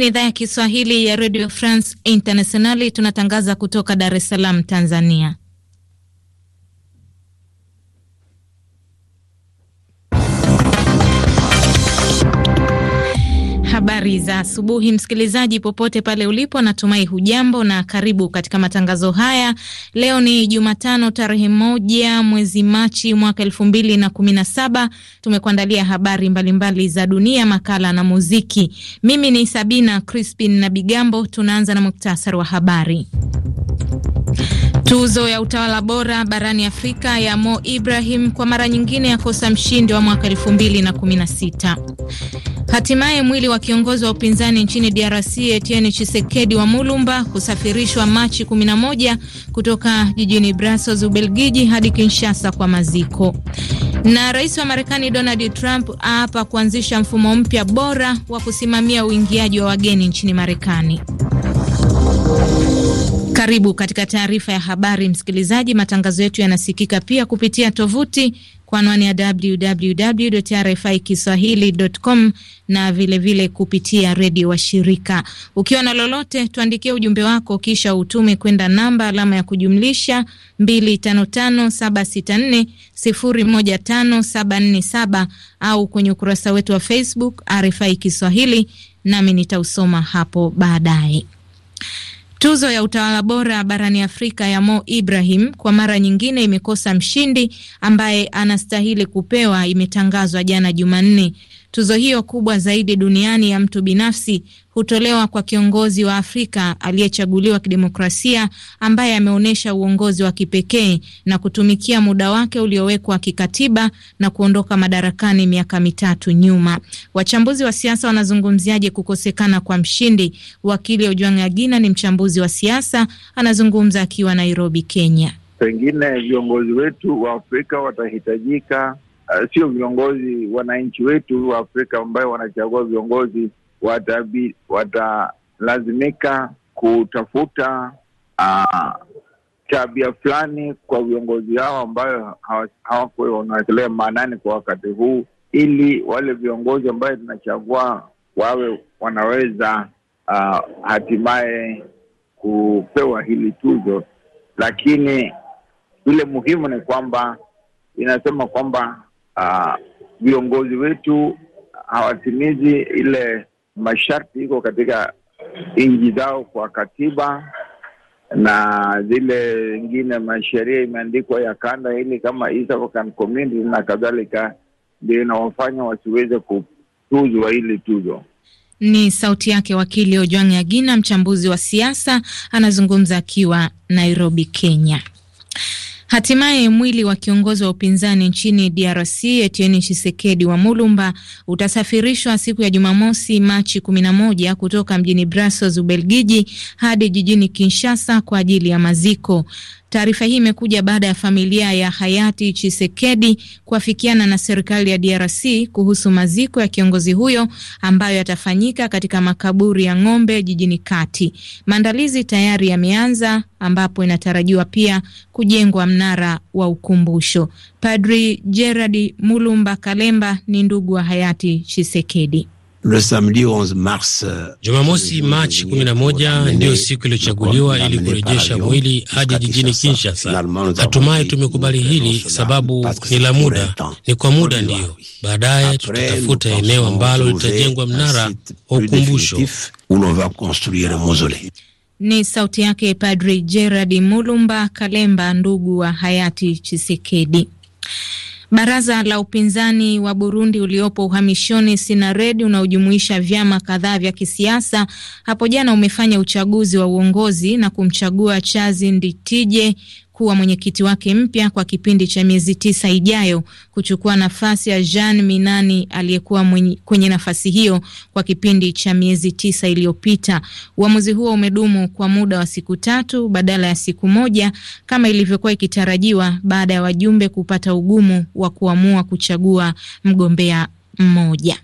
Ni idhaa ya Kiswahili ya Radio France Internationali, tunatangaza kutoka Dar es Salaam, Tanzania. Habari za asubuhi, msikilizaji popote pale ulipo, natumai hujambo na karibu katika matangazo haya. Leo ni Jumatano tarehe moja mwezi Machi mwaka elfu mbili na kumi na saba. Tumekuandalia habari mbalimbali mbali za dunia, makala na muziki. Mimi ni Sabina Crispin na Bigambo. Tunaanza na muktasari wa habari. Tuzo ya utawala bora barani Afrika ya Mo Ibrahim kwa mara nyingine yakosa mshindi wa mwaka 2016. Hatimaye mwili wa kiongozi wa upinzani nchini DRC Etienne chisekedi wa Mulumba kusafirishwa Machi 11 kutoka jijini Brussels, Ubelgiji hadi Kinshasa kwa maziko. Na rais wa Marekani Donald Trump aapa kuanzisha mfumo mpya bora wa kusimamia uingiaji wa wageni nchini Marekani. Karibu katika taarifa ya habari, msikilizaji. Matangazo yetu yanasikika pia kupitia tovuti kwa anwani ya www RFI kiswahilicom na vilevile vile kupitia redio wa shirika. Ukiwa na lolote, tuandikie ujumbe wako kisha utume kwenda namba alama ya kujumlisha 255764015747 au kwenye ukurasa wetu wa Facebook RFI Kiswahili, nami nitausoma hapo baadaye. Tuzo ya utawala bora barani Afrika ya Mo Ibrahim kwa mara nyingine imekosa mshindi ambaye anastahili kupewa, imetangazwa jana Jumanne. Tuzo hiyo kubwa zaidi duniani ya mtu binafsi hutolewa kwa kiongozi wa Afrika aliyechaguliwa kidemokrasia ambaye ameonyesha uongozi wa kipekee na kutumikia muda wake uliowekwa kikatiba na kuondoka madarakani miaka mitatu nyuma. Wachambuzi wa siasa wanazungumziaje kukosekana kwa mshindi? Wakili Ojwang' Agina ni mchambuzi wa siasa, anazungumza akiwa Nairobi, Kenya. Pengine viongozi wetu wa Afrika watahitajika uh, sio viongozi, wananchi wetu wa Afrika ambayo wanachagua viongozi watalazimika watalazimika kutafuta uh, tabia fulani kwa viongozi hao ambayo hawakuwa wanawekelea maanani kwa wakati huu, ili wale viongozi ambayo tunachagua wawe wanaweza uh, hatimaye kupewa hili tuzo. Lakini vile muhimu ni kwamba inasema kwamba Ah, viongozi wetu hawatimizi ile masharti iko katika nchi zao kwa katiba na zile ingine masheria imeandikwa ya kanda hili kama East African Community na kadhalika, ndio inawafanya wasiweze kutuzwa hili tuzo. Ni sauti yake wakili Ojwang' Agina, mchambuzi wa siasa, anazungumza akiwa Nairobi, Kenya. Hatimaye mwili wa kiongozi wa upinzani nchini DRC Etienne Tshisekedi wa Mulumba utasafirishwa siku ya Jumamosi Machi 11 kutoka mjini Brussels, Ubelgiji hadi jijini Kinshasa kwa ajili ya maziko. Taarifa hii imekuja baada ya familia ya hayati Chisekedi kuafikiana na serikali ya DRC kuhusu maziko ya kiongozi huyo ambayo yatafanyika katika makaburi ya ng'ombe jijini Kati. Maandalizi tayari yameanza, ambapo inatarajiwa pia kujengwa mnara wa ukumbusho. Padri Gerard Mulumba Kalemba ni ndugu wa hayati Chisekedi. Euh, Jumamosi Machi 11 ndiyo siku iliyochaguliwa ili kurejesha mwili hadi jijini Kinshasa. hatumai tumekubali hili, sababu ni la muda, ni kwa muda ndiyo. Baadaye tutatafuta eneo ambalo litajengwa mnara wa ukumbusho. Ni sauti yake Padri Gerard Mulumba Kalemba, ndugu wa hayati Chisekedi. Baraza la upinzani wa Burundi uliopo uhamishoni Sinared, unaojumuisha vyama kadhaa vya kisiasa, hapo jana umefanya uchaguzi wa uongozi na kumchagua Chazi Nditije kuwa mwenyekiti wake mpya kwa kipindi cha miezi tisa ijayo, kuchukua nafasi ya Jean Minani aliyekuwa kwenye nafasi hiyo kwa kipindi cha miezi tisa iliyopita. Uamuzi huo umedumu kwa muda wa siku tatu badala ya siku moja kama ilivyokuwa ikitarajiwa, baada ya wajumbe kupata ugumu wa kuamua kuchagua mgombea mmoja.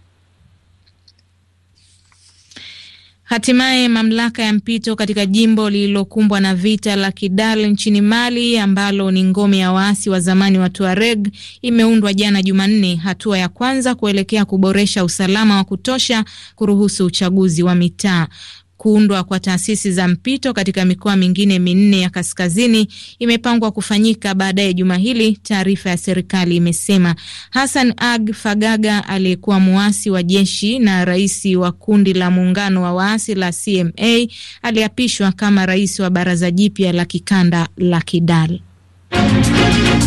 Hatimaye mamlaka ya mpito katika jimbo lililokumbwa na vita la Kidal nchini Mali, ambalo ni ngome ya waasi wa zamani wa Tuareg, imeundwa jana Jumanne, hatua ya kwanza kuelekea kuboresha usalama wa kutosha kuruhusu uchaguzi wa mitaa. Kuundwa kwa taasisi za mpito katika mikoa mingine minne ya kaskazini imepangwa kufanyika baadaye juma hili, taarifa ya serikali imesema. Hassan Ag Fagaga aliyekuwa mwasi wa jeshi na rais wa kundi la muungano wa waasi la CMA aliapishwa kama rais wa baraza jipya la kikanda la Kidal.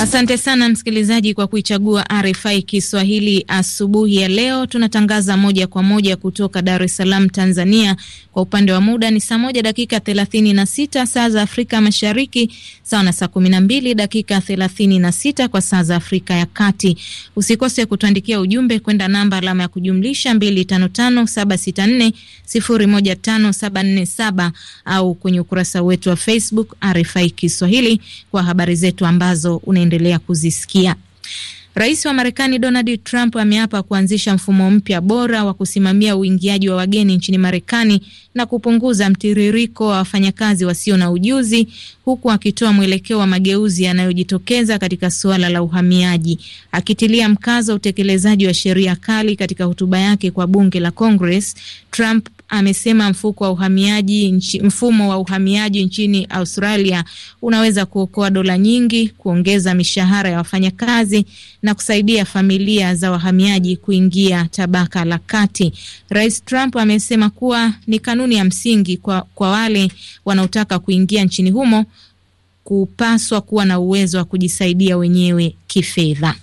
Asante sana msikilizaji kwa kuichagua RFI Kiswahili asubuhi ya leo. Tunatangaza moja kwa moja kutoka Dar es Salaam, Tanzania. Kwa upande wa muda ni saa moja dakika thelathini na sita saa za Afrika Mashariki, sawa na saa kumi na mbili dakika thelathini na sita kwa saa za Afrika ya Kati. Usikose kutuandikia ujumbe kwenda namba alama ya kujumlisha 255764015747 au kwenye ukurasa wetu wa Facebook RFI Kiswahili kwa habari zetu ambazo unaendelea tutaendelea kuzisikia. Rais wa Marekani Donald Trump ameapa kuanzisha mfumo mpya bora wa kusimamia uingiaji wa wageni nchini Marekani na kupunguza mtiririko wa wafanyakazi wasio na ujuzi, huku akitoa mwelekeo wa mageuzi yanayojitokeza katika suala la uhamiaji, akitilia mkazo utekelezaji wa sheria kali. Katika hotuba yake kwa bunge la Congress, Trump amesema mfuko wa uhamiaji nchi, mfumo wa uhamiaji nchini Australia unaweza kuokoa dola nyingi, kuongeza mishahara ya wafanyakazi na kusaidia familia za wahamiaji kuingia tabaka la kati. Rais Trump amesema kuwa ni kanuni ya msingi kwa, kwa wale wanaotaka kuingia nchini humo kupaswa kuwa na uwezo wa kujisaidia wenyewe kifedha.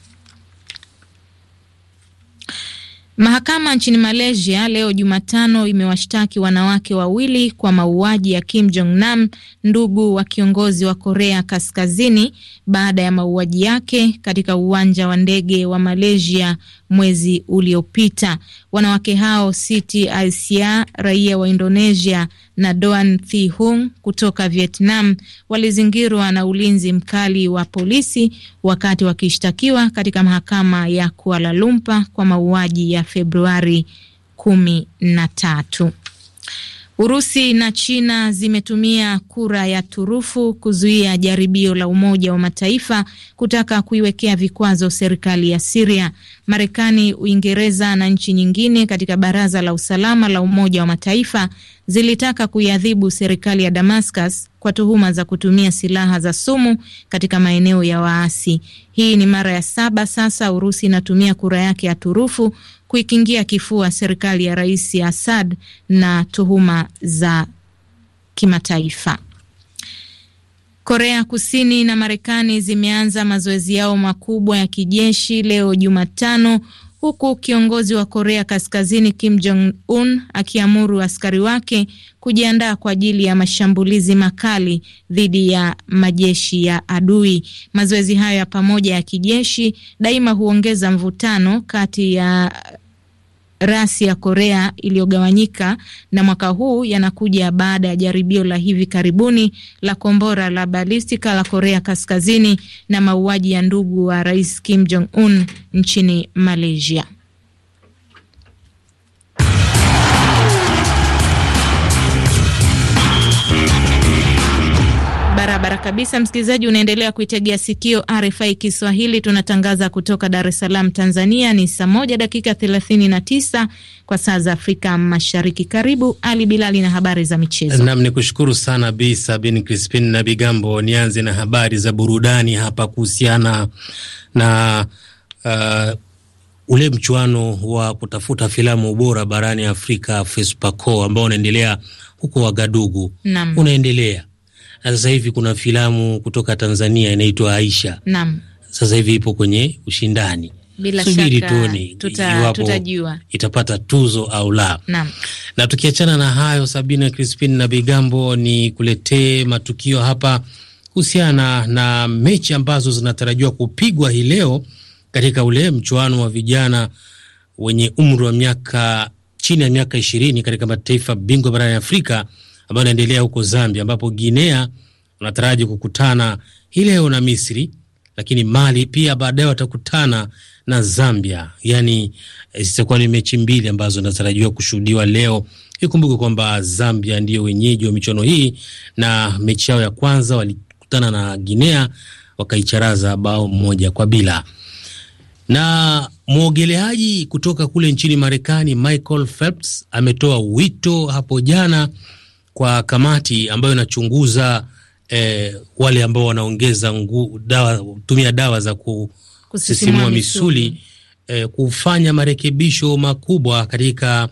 Mahakama nchini Malaysia leo Jumatano imewashtaki wanawake wawili kwa mauaji ya Kim Jong Nam, ndugu wa kiongozi wa Korea Kaskazini, baada ya mauaji yake katika uwanja wa ndege wa Malaysia mwezi uliopita. Wanawake hao Siti Aisyah, raia wa Indonesia, na Doan Thi Hung kutoka Vietnam walizingirwa na ulinzi mkali wa polisi wakati wakishtakiwa katika mahakama ya Kuala Lumpur kwa mauaji ya Februari kumi na tatu. Urusi na China zimetumia kura ya turufu kuzuia jaribio la Umoja wa Mataifa kutaka kuiwekea vikwazo serikali ya Siria. Marekani, Uingereza na nchi nyingine katika Baraza la Usalama la Umoja wa Mataifa zilitaka kuiadhibu serikali ya Damascus kwa tuhuma za kutumia silaha za sumu katika maeneo ya waasi. Hii ni mara ya saba sasa Urusi inatumia kura yake ya turufu kuikingia kifua serikali ya Rais Assad na tuhuma za kimataifa. Korea Kusini na Marekani zimeanza mazoezi yao makubwa ya kijeshi leo Jumatano huku kiongozi wa Korea Kaskazini Kim Jong Un akiamuru askari wake kujiandaa kwa ajili ya mashambulizi makali dhidi ya majeshi ya adui. Mazoezi hayo ya pamoja ya kijeshi daima huongeza mvutano kati ya rasi ya Korea iliyogawanyika na mwaka huu yanakuja baada ya jaribio la hivi karibuni la kombora la balistika la Korea Kaskazini na mauaji ya ndugu wa Rais Kim Jong Un nchini Malaysia. Barabara kabisa, msikilizaji, unaendelea kuitegea sikio RFI Kiswahili, tunatangaza kutoka Dar es Salaam, Tanzania. Ni saa moja dakika thelathini na tisa kwa saa za Afrika Mashariki. Karibu Ali Bilali na habari za michezo. Nam ni kushukuru sana Bi Sabin Crispin na Bigambo. Nianze na habari za burudani hapa kuhusiana na uh, ule mchuano wa kutafuta filamu bora barani Afrika FESPACO ambao unaendelea huko Wagadugu unaendelea sasa hivi kuna filamu kutoka Tanzania inaitwa Aisha. Naam. Sasa hivi ipo kwenye ushindani. Bila subiri tuone iwapo tuta, itapata tuzo au la. Naam. Na tukiachana na hayo, Sabina Crispin na Bigambo, ni kuletee matukio hapa kuhusiana na mechi ambazo zinatarajiwa kupigwa hii leo katika ule mchuano wa vijana wenye umri wa miaka chini ya miaka ishirini katika mataifa bingwa barani Afrika ambayo inaendelea huko Zambia, ambapo Guinea wanataraji kukutana hii leo na Misri, lakini Mali pia baadaye watakutana na Zambia. Yani eh, zitakuwa ni mechi mbili ambazo zinatarajiwa kushuhudiwa leo. Ikumbuke kwamba Zambia ndiyo wenyeji wa michuano hii, na mechi yao ya kwanza walikutana na Guinea wakaicharaza bao moja kwa bila. Na mwogeleaji kutoka kule nchini Marekani Michael Phelps ametoa wito hapo jana kwa kamati ambayo inachunguza eh, wale ambao wanaongeza dawa, tumia dawa za kusisimua misuli, eh, kufanya marekebisho makubwa katika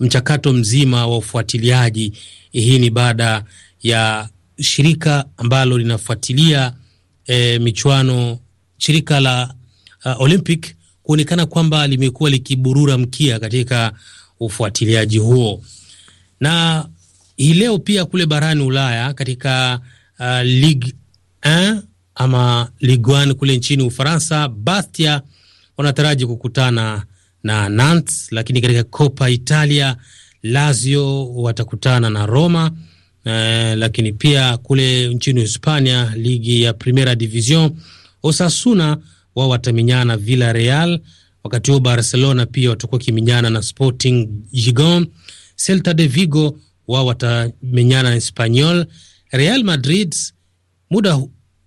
mchakato mzima wa ufuatiliaji. Hii ni baada ya shirika ambalo linafuatilia e, michuano shirika la uh, Olympic kuonekana kwamba limekuwa likiburura mkia katika ufuatiliaji huo, na hii leo pia kule barani Ulaya katika uh, Ligue 1 ama Ligue 1 kule nchini Ufaransa, Bastia wanataraji kukutana na Nantes, lakini katika Coppa Italia Lazio watakutana na Roma. Uh, lakini pia kule nchini Hispania ligi ya Primera Division Osasuna wao wataminyana real wakati huo Barcelona pia watakuwa kiminyana na Sporting Gigon. Celta de Vigo wao watamenyana na Espanyol. Real Madrid muda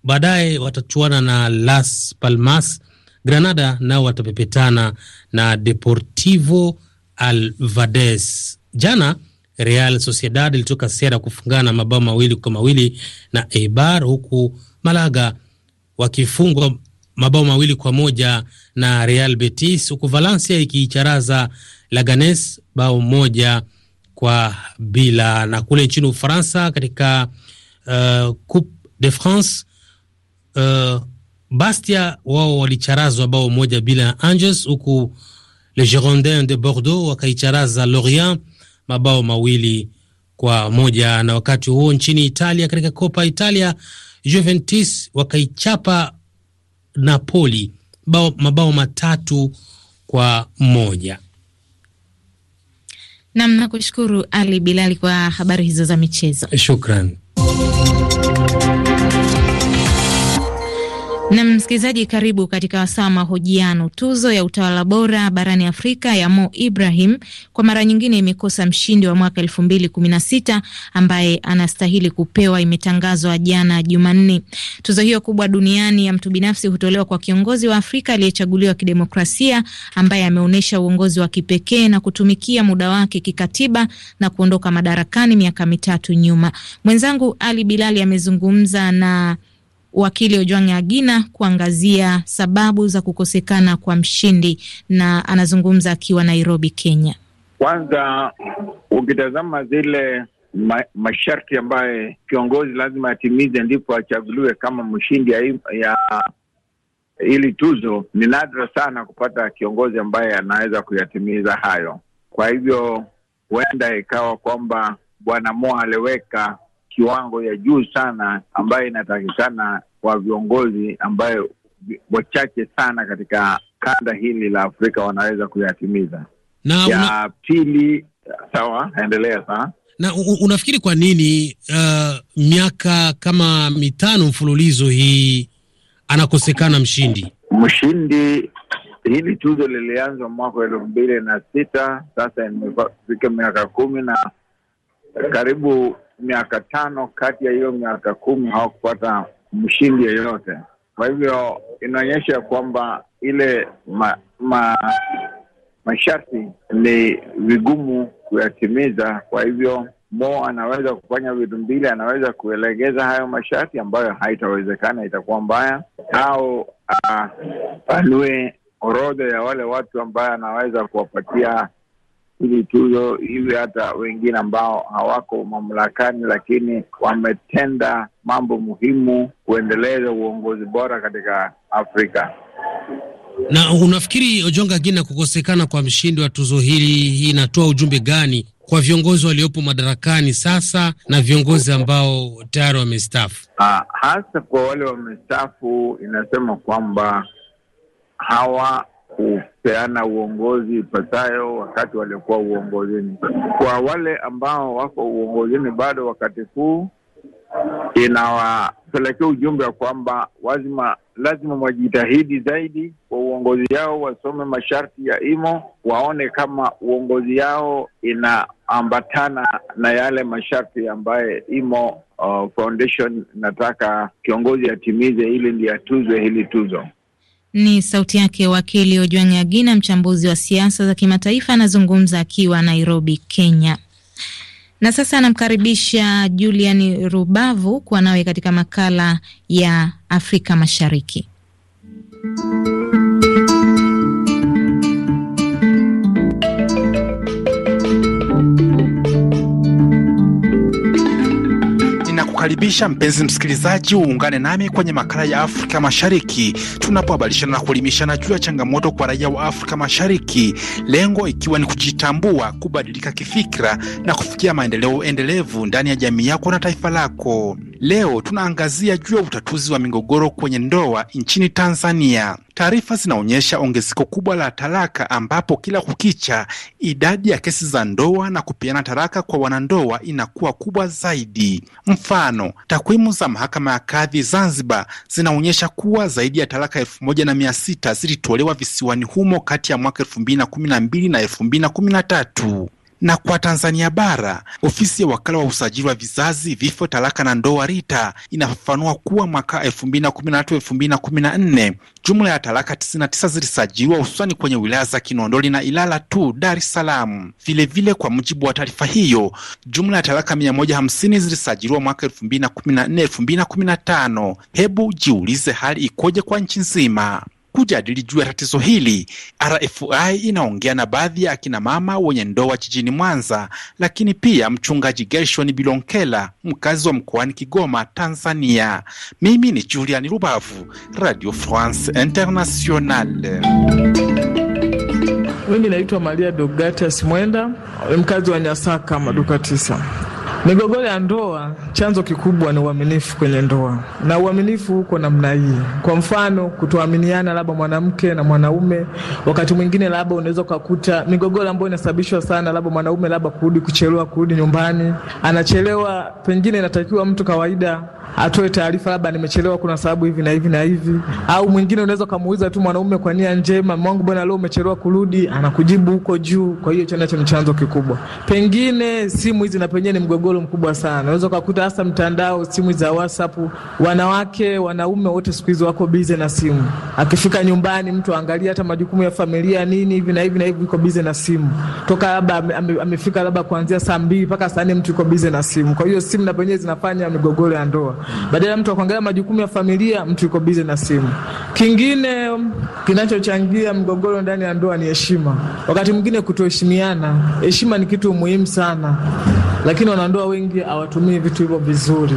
baadaye watachuana na Las Palmas. Granada nao watapepetana na Deportivo Alvades. Jana Real Sociedad ilitoka sera kufungana mabao mawili kwa mawili na Eibar, huku Malaga wakifungwa mabao mawili kwa moja na Real Betis, huku Valencia ikiicharaza Laganes bao moja kwa bila. Na kule nchini Ufaransa katika uh, Coupe de France uh, Bastia wao walicharazwa bao moja bila Angers, huku le Girondin de Bordeaux wakaicharaza Lorient mabao mawili kwa moja. Na wakati huo nchini Italia katika Coppa Italia Juventus wakaichapa Napoli bao, mabao matatu kwa moja. Nam, na kushukuru Ali Bilali kwa habari hizo za michezo, shukran. Na msikilizaji, karibu katika wasaa mahojiano. Tuzo ya utawala bora barani Afrika ya Mo Ibrahim kwa mara nyingine imekosa mshindi wa mwaka elfu mbili kumi na sita ambaye anastahili kupewa, imetangazwa jana Jumanne. Tuzo hiyo kubwa duniani ya mtu binafsi hutolewa kwa kiongozi wa Afrika aliyechaguliwa kidemokrasia, ambaye ameonyesha uongozi wa kipekee na kutumikia muda wake kikatiba na kuondoka madarakani miaka mitatu nyuma. Mwenzangu Ali Bilali amezungumza na wakili Ojwang Agina kuangazia sababu za kukosekana kwa mshindi, na anazungumza akiwa Nairobi, Kenya. Kwanza ukitazama zile ma, masharti ambaye kiongozi lazima atimize ndipo achaguliwe kama mshindi ya, ya ili tuzo, ni nadra sana kupata kiongozi ambaye anaweza kuyatimiza hayo. Kwa hivyo huenda ikawa kwamba Bwana Mo aliweka kiwango ya juu sana ambayo inatakikana kwa viongozi ambayo wachache sana katika kanda hili la Afrika wanaweza kuyatimiza. Na ya una... pili, sawa, endelea sana. Na unafikiri kwa nini uh, miaka kama mitano mfululizo hii anakosekana mshindi? Mshindi, hili tuzo lilianzwa mwaka wa elfu mbili na sita, sasa imefika miaka kumi na karibu miaka tano kati ya hiyo miaka kumi hawakupata mshindi yeyote. Kwa hivyo inaonyesha kwamba ile ma, ma, masharti ni vigumu kuyatimiza. Kwa hivyo Mo anaweza kufanya vitu mbili, anaweza kuelegeza hayo masharti ambayo haitawezekana, itakuwa mbaya, au ah, apanue orodha ya wale watu ambayo anaweza kuwapatia ili tuzo hivi, hata wengine ambao hawako mamlakani, lakini wametenda mambo muhimu kuendeleza uongozi bora katika Afrika. Na unafikiri Ojonga Gina, kukosekana kwa mshindi wa tuzo hili hii inatoa ujumbe gani kwa viongozi waliopo madarakani sasa na viongozi ambao tayari wamestaafu? Ah, hasa kwa wale wamestaafu, inasema kwamba hawa kupeana uongozi ipasayo wakati waliokuwa uongozini. Kwa wale ambao wako uongozini bado wakati huu, inawapelekea ujumbe wa kwamba lazima lazima wajitahidi zaidi kwa uongozi yao, wasome masharti ya IMO, waone kama uongozi yao inaambatana na yale masharti ambaye IMO uh, Foundation nataka kiongozi atimize ili ndiyo atuzwe hili tuzo. Ni sauti yake wakili Ojwang' Agina, mchambuzi wa siasa za kimataifa, anazungumza akiwa Nairobi, Kenya. Na sasa anamkaribisha Julian Rubavu kuwa nawe katika makala ya Afrika Mashariki. kukaribisha mpenzi msikilizaji, uungane nami kwenye makala ya Afrika Mashariki tunapohabarishana na kuelimishana juu ya changamoto kwa raia wa Afrika Mashariki, lengo ikiwa ni kujitambua, kubadilika kifikira na kufikia maendeleo endelevu ndani ya jamii yako na taifa lako. Leo tunaangazia juu ya utatuzi wa migogoro kwenye ndoa nchini Tanzania. Taarifa zinaonyesha ongezeko kubwa la talaka, ambapo kila kukicha idadi ya kesi za ndoa na kupeana talaka kwa wanandoa inakuwa kubwa zaidi. Mfano, takwimu za mahakama ya kadhi Zanzibar zinaonyesha kuwa zaidi ya talaka elfu moja na mia sita zilitolewa visiwani humo kati ya mwaka elfu mbili na kumi na mbili na elfu mbili na kumi na tatu. Na kwa Tanzania bara, ofisi ya wakala wa usajili wa vizazi, vifo, talaka na ndoa RITA inafafanua kuwa mwaka 2013 2014 jumla ya talaka 99 zilisajiliwa hususani kwenye wilaya za kinondoli na Ilala tu Dar es Salaam. Vilevile, kwa mujibu wa taarifa hiyo, jumla ya talaka 150 zilisajiliwa mwaka 2014 2015. Hebu jiulize hali ikoje kwa nchi nzima? juu ya tatizo hili. RFI inaongea na baadhi ya akina mama wenye ndoa jijini Mwanza, lakini pia mchungaji Gershon Bilonkela, mkazi wa mkoani Kigoma, Tanzania. Mimi ni julian Rubavu, Radio France Internationale. Mimi naitwa Maria Dogatas Mwenda, mkazi wa Nyasaka, maduka tisa. Migogoro ya ndoa, chanzo kikubwa ni uaminifu kwenye ndoa, na uaminifu huko namna hii. Kwa mfano, kutoaminiana labda mwanamke na mwanaume, wakati mwingine labda unaweza ukakuta migogoro ambayo inasababishwa sana, labda mwanaume labda kurudi kuchelewa, kurudi nyumbani, anachelewa, pengine inatakiwa mtu kawaida atoe taarifa, labda nimechelewa, kuna sababu hivi na hivi na hivi. Au mwingine unaweza ukamuuliza tu mwanaume kwa nia njema, mwangu bwana, leo umechelewa kurudi, anakujibu huko juu. Kwa hiyo chonacho ni chanzo kikubwa. Pengine simu hizi na penyewe ni mgogoro mkubwa sana, unaweza ukakuta hasa mtandao, simu za WhatsApp. Wanawake wanaume wote siku hizi wako bize na simu, akifika nyumbani mtu aangalia hata majukumu ya familia nini hivi na hivi na hivi, yuko bize na simu toka labda amefika labda kuanzia saa mbili mpaka saa nne, mtu yuko bize na simu. Kwa hiyo simu na penyewe zinafanya migogoro ya ndoa. Badala ya mtu akuangalia majukumu ya familia, mtu yuko bize na simu. Kingine um, kinachochangia mgogoro ndani ya ndoa ni heshima, wakati mwingine kutoheshimiana. Heshima ni kitu muhimu sana, lakini wanandoa wengi hawatumii vitu hivyo vizuri.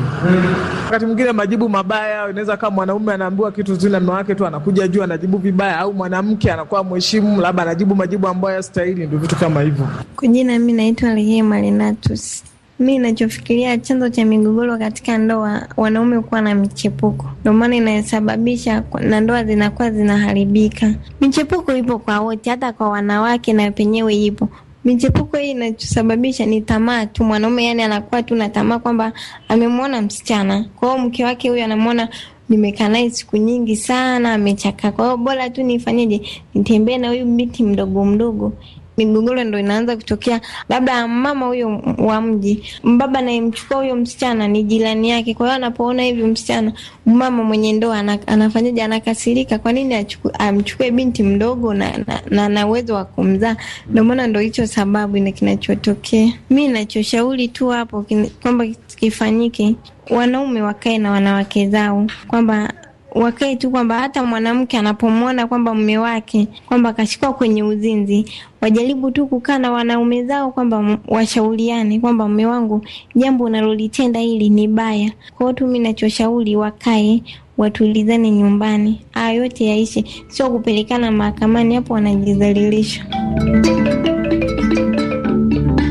Wakati mwingine majibu mabaya, inaweza kama mwanaume anaambiwa kitu zuri na mume wake tu anakuja juu anajibu vibaya, au mwanamke anakuwa mheshimu, labda anajibu majibu ambayo hayastahili. ndio vitu kama hivyo. Kwa jina mimi naitwa Rehema Linatus. Mi nachofikiria chanzo cha migogoro katika ndoa, wanaume kuwa na michepuko, ndio maana inasababisha na ndoa zinakuwa zinaharibika. Michepuko ipo kwa wote, hata kwa wanawake na penyewe ipo michepuko hii inachosababisha ni tamaa tu. Mwanaume yani anakuwa tu na tamaa kwamba amemwona msichana, kwa hiyo mke wake huyo anamwona nimekaa naye siku nyingi sana, amechakaa. Kwa hiyo bora tu nifanyeje, nitembee na huyu binti mdogo mdogo migogoro ndo inaanza kutokea, labda mama huyo wa mji, baba anayemchukua huyo msichana ni jirani yake. Kwa hiyo anapoona hivyo msichana, mama mwenye ndoa anafanyaje? Anakasirika, kwa nini amchukue binti mdogo na na na uwezo wa kumzaa? Ndio maana ndo hicho sababu ina kinachotokea. Mi nachoshauri tu hapo kwamba kifanyike, wanaume wakae na wanawake zao kwamba wakae tu kwamba hata mwanamke anapomwona kwamba mume wake kwamba akashikwa kwenye uzinzi, wajaribu tu kukaa na wanaume zao, kwamba washauriane kwamba mume wangu, jambo unalolitenda hili ni baya. Kwa hiyo tu mimi nachoshauri wakae watulizane nyumbani, haya yote yaishe, sio kupelekana mahakamani, hapo wanajizalilisha.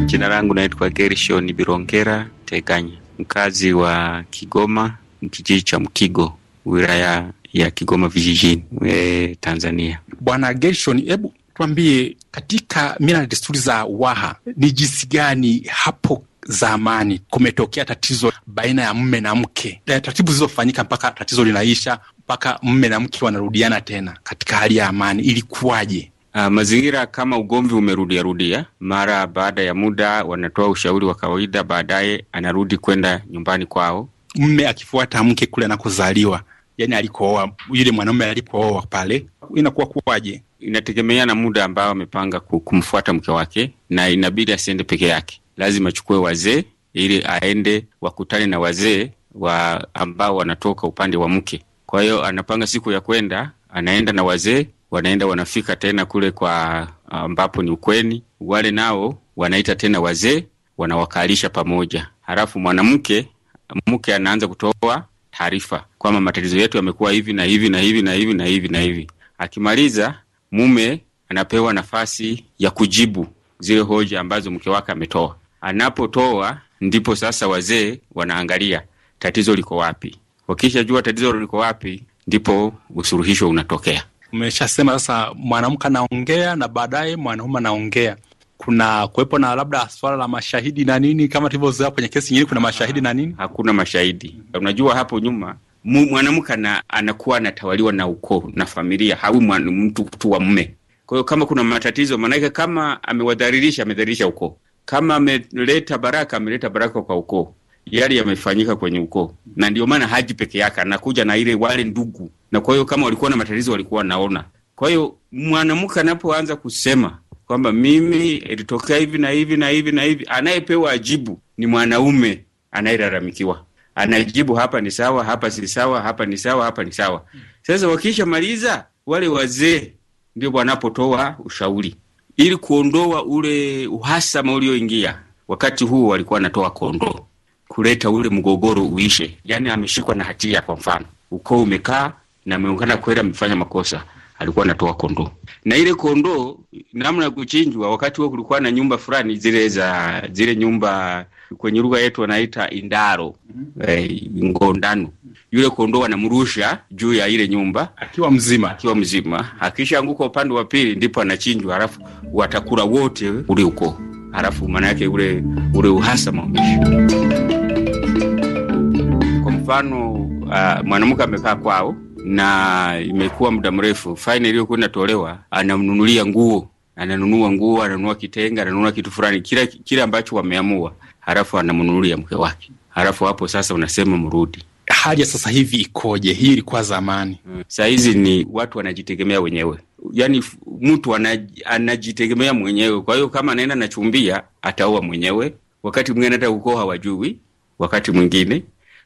Jina langu naitwa Gerishoni Birongera Teganya, mkazi wa Kigoma, kijiji cha Mkigo wilaya ya Kigoma vijijini e, Tanzania. Bwana Gerson, hebu tuambie katika mila na desturi za Waha ni jinsi gani hapo zamani kumetokea tatizo baina ya mme na mke, taratibu zilizofanyika mpaka tatizo linaisha, mpaka mme na mke wanarudiana tena katika hali ya amani, ilikuwaje? Uh, mazingira kama ugomvi umerudiarudia, mara baada ya muda wanatoa ushauri wa kawaida, baadaye anarudi kwenda nyumbani kwao, mme akifuata mke kule anakozaliwa yani alikooa yule mwanaume alipooa pale, inakuwa kuwaje? Inategemea na muda ambao amepanga kumfuata mke wake, na inabidi asiende peke yake, lazima achukue wazee ili aende wakutane na wazee wa ambao wanatoka upande wa mke. Kwa hiyo anapanga siku ya kwenda, anaenda na wazee, wanaenda wanafika tena kule kwa ambapo ni ukweni, wale nao wanaita tena wazee, wanawakalisha pamoja, halafu mwanamke mke anaanza kutoa taarifa kwamba matatizo yetu yamekuwa hivi na hivi na hivi na hivi na hivi na hivi. Akimaliza, mume anapewa nafasi ya kujibu zile hoja ambazo mke wake ametoa. Anapotoa ndipo sasa wazee wanaangalia tatizo liko wapi. Wakishajua tatizo liko wapi, ndipo usuluhisho unatokea. Umeshasema sasa, mwanamke anaongea na baadaye mwanaume anaongea kuna kuwepo na labda swala la mashahidi na nini, kama tulivyozoea kwenye kesi nyingine, kuna mashahidi na nini? Hakuna mashahidi Unajua hapo nyuma mwanamke anakuwa anatawaliwa na ukoo na familia, hawi mtu tu wa mme. Kwa hiyo kama kuna matatizo, maanake kama amewadharirisha, amedharirisha ukoo. Kama ameleta baraka, ameleta baraka kwa ukoo. Yale yamefanyika kwenye ukoo, na ndio maana haji peke yake, anakuja na ile wale ndugu, na kwa hiyo kama walikuwa na matatizo, walikuwa naona. Kwa hiyo mwanamke anapoanza kusema kwamba mimi ilitokea hivi na hivi na hivi na hivi. Anayepewa ajibu ni mwanaume anayelalamikiwa, anajibu hapa ni sawa, hapa si sawa, hapa ni sawa, hapa ni sawa. Sasa wakishamaliza wale wazee ndio wanapotoa ushauri ili kuondoa ule uhasama ulioingia. Wakati huo walikuwa wanatoa kondo kuleta ule mgogoro uishe. Yani ameshikwa na hatia, kwa mfano ukoo umekaa na ameungana kweli, amefanya makosa alikuwa anatoa kondoo, na ile kondoo namna ya kuchinjwa, wakati huo kulikuwa na nyumba fulani zile za zile nyumba kwenye lugha yetu wanaita indaro, mm -hmm. eh, ngondano. Yule kondoo anamrusha juu ya ile nyumba akiwa mzima, akiwa mzima. Akishaanguka upande wa pili, ndipo anachinjwa, halafu watakula wote ule uko, halafu maana yake ule ule uhasama umeisha. Kwa mfano uh, mwanamke amekaa kwao na imekuwa muda mrefu. Faini iliyokuwa inatolewa, anamnunulia nguo, ananunua nguo, ananunua kitenga, ananunua kitu fulani, kila kile ambacho wameamua, halafu anamnunulia mke wake, halafu hapo sasa unasema mrudi Hali ya sasa hivi ikoje? Hii ilikuwa zamani, Hmm, saa hizi ni watu wanajitegemea wenyewe, Yani, mtu anajitegemea mwenyewe. Kwa hiyo kama anaenda nachumbia, ataoa mwenyewe, wakati mwingine hata ukoo hawajui, wakati mwingine.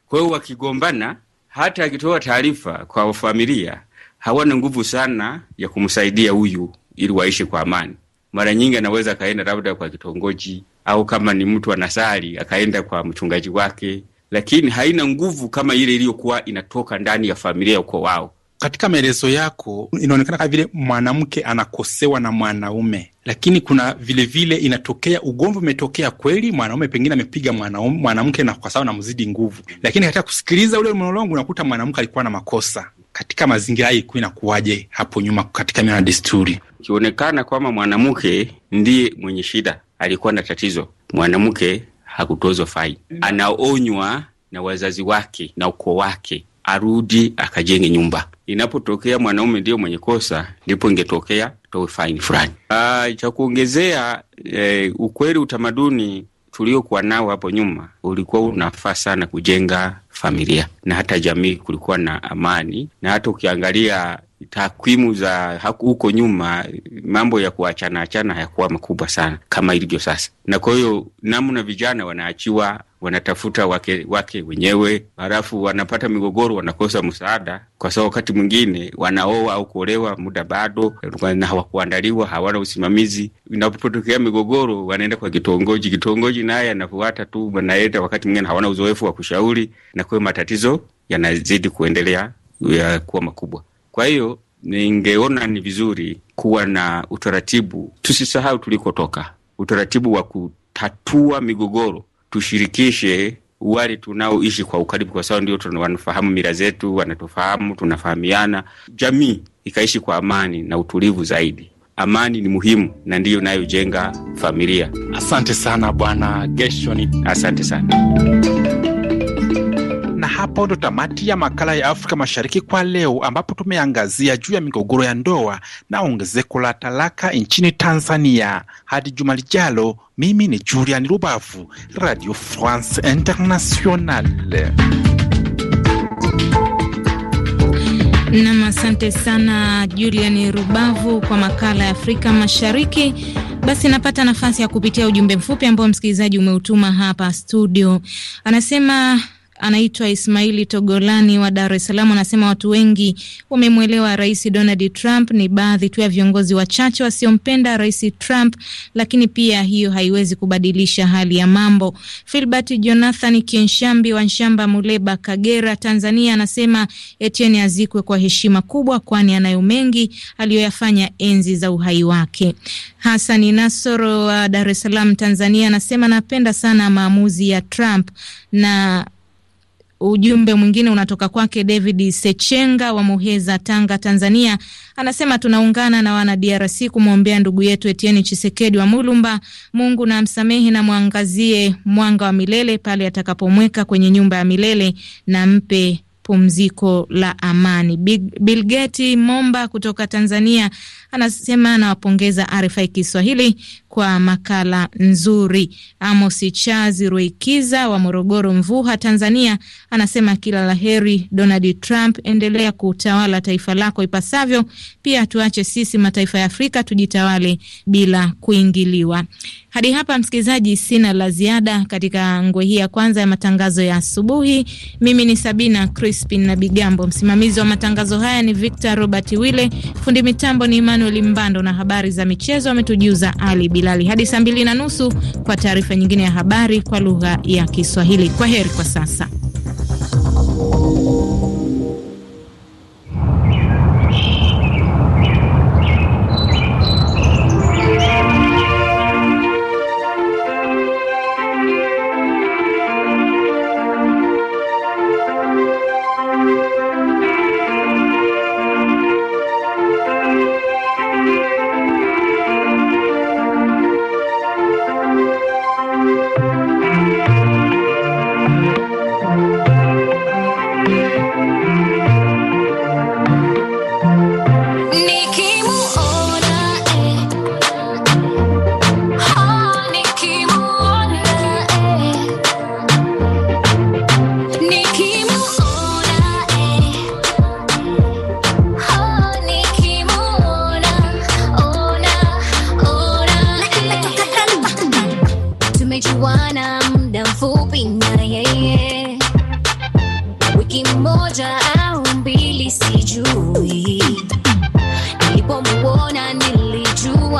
Kwa hiyo wakigombana hata akitoa taarifa kwa familia hawana nguvu sana ya kumsaidia huyu ili waishi kwa amani. Mara nyingi anaweza akaenda labda kwa kitongoji, au kama ni mtu anasali akaenda kwa mchungaji wake, lakini haina nguvu kama ile iliyokuwa inatoka ndani ya familia, ukoo wao. Katika maelezo yako inaonekana kama vile mwanamke anakosewa na mwanaume, lakini kuna vilevile vile inatokea ugomvi umetokea kweli, mwanaume pengine amepiga mwanamke na kwa sababu namzidi nguvu, lakini katika kusikiliza ule monolongu unakuta mwanamke alikuwa na makosa. Katika mazingira hayo ikuwa inakuwaje hapo nyuma katika mila na desturi? Ikionekana kwamba mwanamke ndiye mwenye shida, alikuwa na tatizo, mwanamke hakutozwa fai, anaonywa na wazazi wake na ukoo wake, arudi akajenge nyumba inapotokea mwanaume ndio mwenye kosa, ndipo ingetokea towe faini fulani. Ah, cha kuongezea eh, ukweli, utamaduni tuliokuwa nao hapo nyuma ulikuwa unafaa sana kujenga familia na hata jamii, kulikuwa na amani, na hata ukiangalia takwimu za huko nyuma, mambo ya kuachana achana hayakuwa makubwa sana kama ilivyo sasa, na kwa hiyo namna vijana wanaachiwa wanatafuta wake wake wenyewe, halafu wanapata migogoro, wanakosa msaada, kwa sababu wakati mwingine wanaoa au kuolewa muda bado na hawakuandaliwa, hawana usimamizi. Inapotokea migogoro, wanaenda kwa kitongoji, kitongoji naye anafuata tu, wanaenda, wakati mwingine hawana uzoefu wa kushauri, na kwa hiyo matatizo yanazidi kuendelea ya kuwa makubwa. Kwa hiyo ningeona ni vizuri kuwa na utaratibu, tusisahau tulikotoka, utaratibu wa kutatua migogoro, tushirikishe wale tunaoishi kwa ukaribu, kwa sababu ndio wanafahamu mila zetu, wanatufahamu, tunafahamiana, jamii ikaishi kwa amani na utulivu zaidi. Amani ni muhimu na ndiyo inayojenga familia. Asante sana Bwana Geshoni, asante sana hapo ndo tamati ya makala ya Afrika Mashariki kwa leo, ambapo tumeangazia juu ya migogoro ya ndoa na ongezeko la talaka nchini Tanzania. Hadi juma lijalo, mimi ni Julian Rubavu, Radio France Internationale. Nam, asante sana Julian Rubavu kwa makala ya Afrika Mashariki. Basi napata nafasi ya kupitia ujumbe mfupi ambao msikilizaji umeutuma hapa studio, anasema anaitwa Ismaili Togolani wa Dar es Salaam anasema watu wengi wamemwelewa Rais Donald Trump. Ni baadhi tu ya viongozi wachache wasiompenda Rais Trump, lakini pia hiyo haiwezi kubadilisha hali ya mambo. Filbert Jonathan Kienshambi wa Nshamba, Muleba, Kagera, Tanzania anasema Etienne azikwe kwa heshima kubwa, kwani anayo mengi aliyoyafanya enzi za uhai wake. Hasani Nasoro wa Dar es Salaam, Tanzania anasema napenda sana maamuzi ya Trump na Ujumbe mwingine unatoka kwake David Sechenga wa Muheza, Tanga, Tanzania. Anasema tunaungana na wana DRC kumwombea ndugu yetu Etieni Chisekedi wa Mulumba. Mungu na amsamehe na mwangazie mwanga wa milele pale atakapomweka kwenye nyumba ya milele na mpe pumziko la amani. Bilgeti Momba kutoka Tanzania anasema anawapongeza RFI Kiswahili kwa makala nzuri. Amos Chazi Ruikiza wa Morogoro, Mvuha, Tanzania anasema kila la heri Donald Trump, endelea kutawala taifa lako ipasavyo. Pia tuache sisi mataifa ya Afrika tujitawale bila kuingiliwa. Hadi hapa msikilizaji, sina la ziada katika ngwe hii ya kwanza ya matangazo ya asubuhi. Mimi ni Sabina Chris Crispin na Bigambo. Msimamizi wa matangazo haya ni Victor Robert Wille, fundi mitambo ni Emmanuel Mbando, na habari za michezo ametujuza Ali Bilali. Hadi saa mbili na nusu kwa taarifa nyingine ya habari kwa lugha ya Kiswahili. Kwa heri kwa sasa.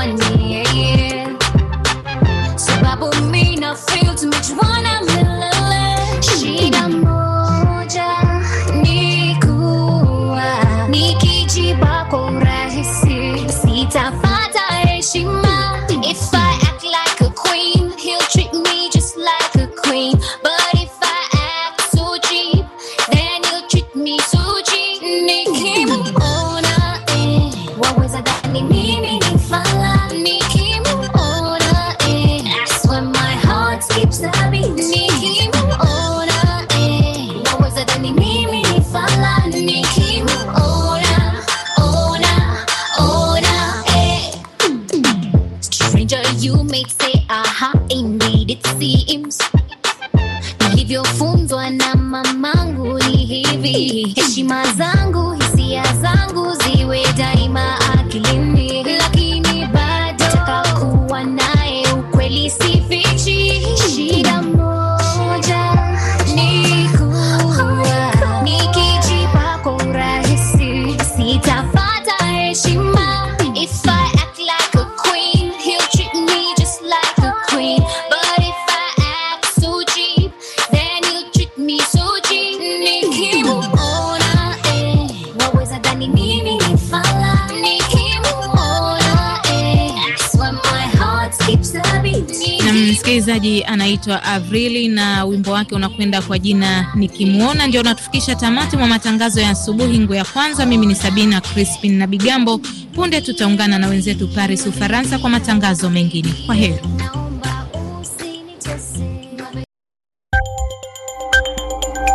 One. me. Mwimbaji anaitwa Avrili na wimbo wake unakwenda kwa jina Nikimwona. Ndio unatufikisha tamati mwa matangazo ya asubuhi nguo ya Kwanza. Mimi ni Sabina Crispin na Bigambo. Punde tutaungana na wenzetu Paris, Ufaransa, kwa matangazo mengine. Kwa heri.